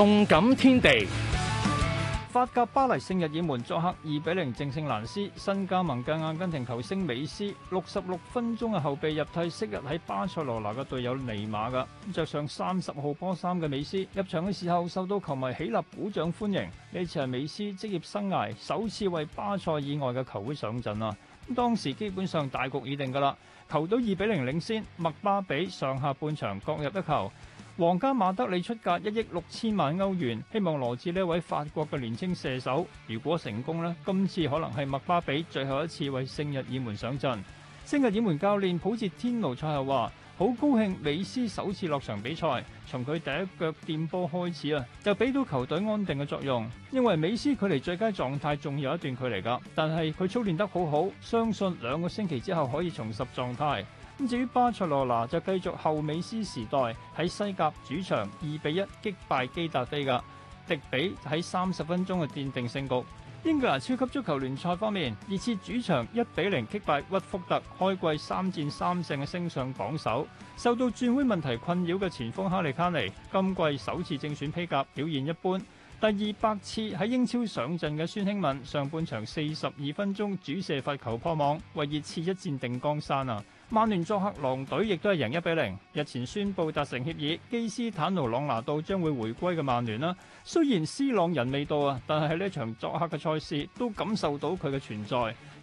動感天地，法甲巴黎聖日耳門作客二比零淨勝蘭斯，新加盟嘅阿根廷球星美斯六十六分鐘嘅後備入替，昔日喺巴塞羅那嘅隊友尼馬噶，着上三十號波衫嘅美斯入場嘅時候受到球迷起立鼓掌歡迎，呢次係美斯職業生涯首次為巴塞以外嘅球會上陣啦。咁當時基本上大局已定噶啦，球隊二比零領先，麥巴比上下半場各入一球。皇家馬德里出價一億六千萬歐元，希望羅致呢位法國嘅年輕射手。如果成功，今次可能係麥巴比最後一次為聖日耳門上陣。聖日耳門教練普捷天奴賽後話：好高興美斯首次落場比賽，從佢第一腳掂波開始啊，就俾到球隊安定嘅作用。因為美斯距離最佳狀態仲有一段距離㗎，但係佢操練得好好，相信兩個星期之後可以重拾狀態。至於巴塞羅那就繼續後美斯時代，喺西甲主場二比一擊敗基達菲嘅，迪比喺三十分鐘嘅奠定勝局。英格蘭超級足球聯賽方面，熱刺主場一比零擊敗屈福特，開季三戰三勝嘅升上榜首。受到轉會問題困擾嘅前鋒哈利卡尼今季首次正選披甲，表現一般。第二百次喺英超上陣嘅孫興慜上半場四十二分鐘主射罰球破網，為熱刺一戰定江山啊！曼聯作客狼隊亦都係贏一比零。日前宣布達成協議，基斯坦奴朗拿度將會回歸嘅曼聯啦。雖然 C 朗人未到啊，但係呢一場作客嘅賽事都感受到佢嘅存在。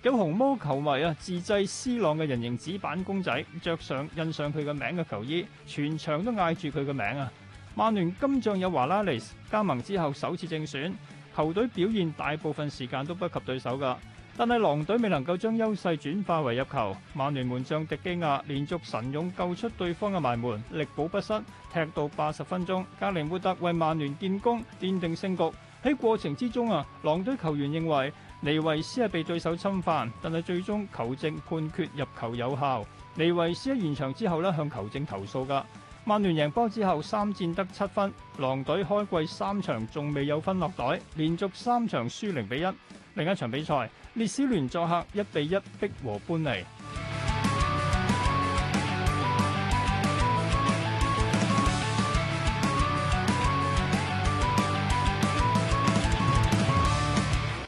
有紅毛球迷啊，自製 C 朗嘅人形紙板公仔，着上印上佢嘅名嘅球衣，全場都嗌住佢嘅名啊！曼聯今仗有華拉利斯加盟之後首次正選，球隊表現大部分時間都不及對手㗎。但係狼隊未能夠將優勢轉化為入球，曼聯門將迪基亞連續神勇救出對方嘅埋門，力保不失，踢到八十分鐘。加林活特為曼聯建功，奠定勝局。喺過程之中啊，狼隊球員認為尼維斯係被對手侵犯，但係最終球證判決入球有效。尼維斯喺完場之後呢，向球證投訴噶。曼聯贏波之後三戰得七分，狼隊開季三場仲未有分落袋，連續三場輸零比一。另一場比賽，列斯聯作客一比一逼和般尼。